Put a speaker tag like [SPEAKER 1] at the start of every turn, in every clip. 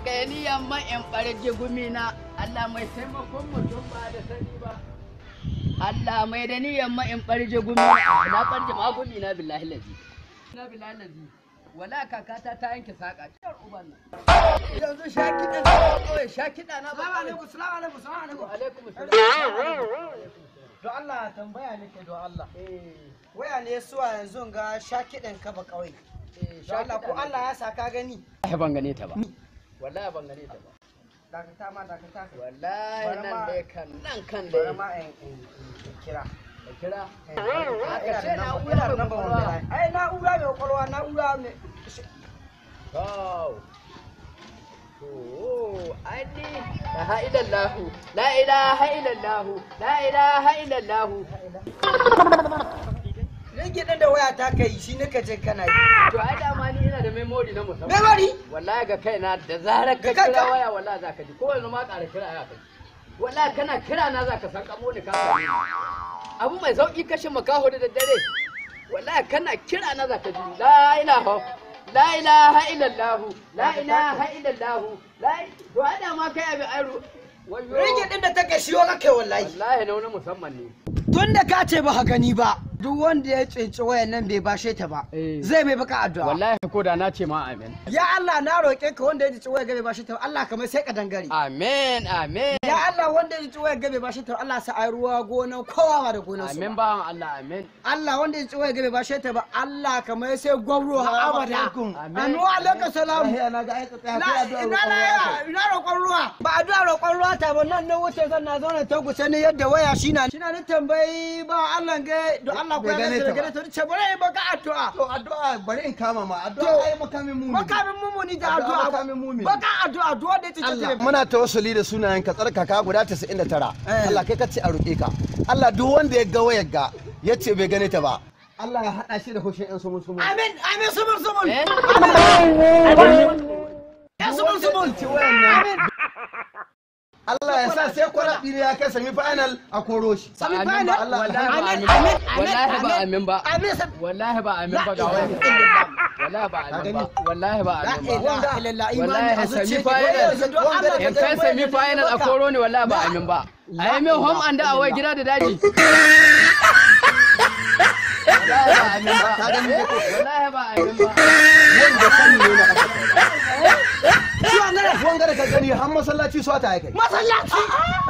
[SPEAKER 1] alƙairi amma in ɓarge na, Allah mai taimakon mutum ba da sani ba Allah mai da ni yamma in ɓarje gumi na ɓarje ma na billahi lazi na billahi lazi wala kakata ta yanke saƙa ciyar uban nan
[SPEAKER 2] yanzu sha kiɗa kawai sha kiɗa na ba alaikum salamu alaikum salamu alaikum alaikum alaikum Do Allah tambaya nake do Allah eh. waya ne suwa yanzu ga sha kiɗan ka ba kawai insha eh, Allah ko Allah ya saka gani
[SPEAKER 1] ban gane ta ba
[SPEAKER 2] wallahi ban gane ta ba dakata ma dakata ka wallahi nan dai kan nan kan dai ma
[SPEAKER 1] in kira eh, ah, da kira haka ce na'ura mai kwakwalwa
[SPEAKER 2] ai eh, na'ura mai kwakwalwa na'ura mai kawo to la ha
[SPEAKER 1] la la kake dan da waya ta kai shi ne kace kana yi to ai ma ni ina da memory na musamman memory wallahi ga kaina da zarar ka kira waya wallahi za ka ji ko wani ma ƙara kira ya kai wallahi kana kira na za ka san kamo ni ka kai. abu mai sauki kashe makaho da daddare wallahi kana kira na za ka ji la ilaha la ilaha illallah la ilaha illallah la to ai ma kai abi aro Rage din da take shiyo kake wallahi. Wallahi na wani musamman ne.
[SPEAKER 2] Tun da ka ce ba gani ba, duk wanda ya cinci wayan nan bai bashe ta ba eh. zai mai baka addu'a wallahi ko da na ce ma amin ya Allah na roke ka wanda ya cinci wayan bai bashe ta Allah kamar sai ka dangare amin amin ya Allah wanda ya cinci wayan bai bashe ta Allah sa ai ruwa gona kowa ma da gona su amin bawan Allah amin Allah wanda ya cinci wayan bai bashe ta ba Allah kamar sai gwamro ha abada amin wa alaikum salam na ga ai ta addu'a ina roƙon ruwa ba addu'a roƙon ruwa ta ba nan na wuce zan na zo na ta gusa ne yadda waya shi na shi na ni tambayi ba Allah ga don Allah ko ya gane bare addu'a to addu'a bare in kama ma addu'a ai makamin makamin da addu'a makamin mumini baka addu'a da muna
[SPEAKER 3] tawassuli da sunayen ka tsarkaka guda 99 eh. Allah kai kace a roke ka Allah duk wanda ya ga yace bai gane ta ba
[SPEAKER 2] Allah ya hada shi
[SPEAKER 3] da yan amin amin yan Allah ya sa sai kwara biri ya kai semi
[SPEAKER 1] final a koro shi. Semi final? Wallahi ba amin ba. Wallahi ba amin ba. Wallahi ba amin ba. Wallahi ba amin ba. semi final. In kai semi final a koro ne wallahi ba amin ba. A yi min home and away gida da daji. Wallahi ba amin ba. Wallahi ba amin ba.
[SPEAKER 3] masallaci so ta yake masallaci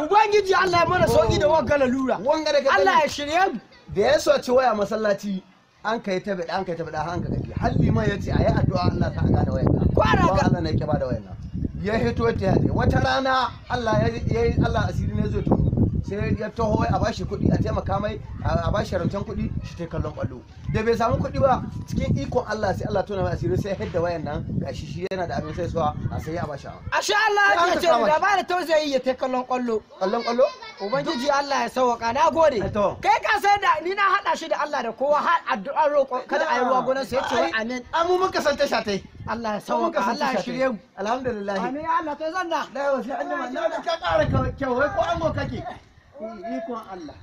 [SPEAKER 3] ubangiji Allah ya mana sauki da oh. wanga lalura wanga daga Allah ya shirye da ya ci waya masallaci an kai ta bada an kai ta bada an ka halli mai yace ayi addu'a Allah ta ga da wayar ko ana ga Allah ne ke bada wayar ya hito ta yaje wata rana Allah ya yi Allah asiri ne zai tuno sai ya taho a bashi kuɗi a taimaka mai a bashi rancen kuɗi shi ta kallon ƙwallo da bai samu kuɗi ba cikin ikon Allah sai Allah tona mai asiri sai hidda wayan nan gashi shi yana da abin sai suwa a sai a bashi a
[SPEAKER 2] sha Allah ya ce da ba da tausayi ya ta kallon ƙwallo kallon ƙwallo ubangiji Allah ya sauka, na gode kai ka sai da ni na hada shi da Allah da kowa har addu'ar roƙo kada a yi ruwa gonan sai ya ce amin amu mun kasance shatai Allah ya sauka Allah ya shirye mu alhamdulillah amin Allah to zanna da yau sai annaba na ka ƙara kyau ko ango kake ikon Allah